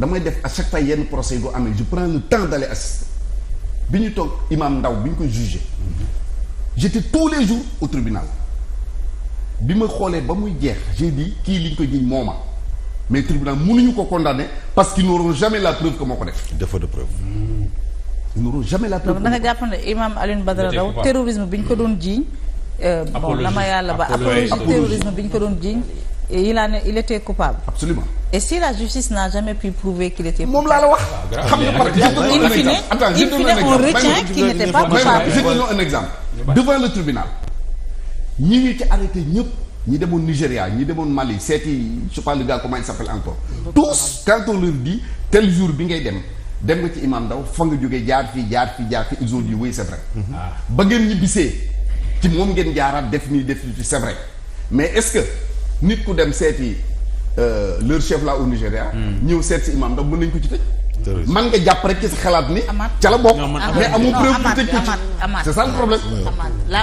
damay def à chaque fois yenn procès yi boo amee je prends le temps d'aller assister bi ñu toog imam Ndaw bi ñu koy jugé j'étais tous les jours au tribunal bi ma xoolee ba muy jeex j'ai dit kii li ñu koy jiñ mooma mais tribunal ñu ko condamner parce qu'ils n'auront jamais la preuve ko moo ko def. défaut de preuve. ils n'auront jamais jàpp ne imam Alioune Badara Ndao terrorisme bi ñu ko doon jiiñ. Euh, la dama yàlla ba apologie terrorisme bi ñu ko doon jiiñ il a ne il était coupable. et si la justice n'a jamais pu prouver qu'il était moom laa la wax ah, xam nga parce que in fine in fine on retient qu'il n'était pas coupable je donne un exemple devant le tribunal ñi ñu ci arrêté ñëpp ñi demoon Nigéria ñi demoon Mali seeti je sais pas le gars comment il s'appelle encore tous quand on leur dit tel jour bi ngay dem dem nga ci imam Ndao fa nga jógee jaar fii jaar fii jaar fii ils ont dit oui c'est vrai mhm. ba ngeen ñibbisee ci moom ngeen jaaraat def nii def nii c'est vrai mais est-ce que nit ku dem seeti Euh, leur chef là au Nigéria. Hmm. ñëw seet si imam ndax mën nañ ko ci tëj. man nga jàpp rek ci sa xalaat ni. ca la bokk mais amul preuve tëj ko ci c'est ça problème.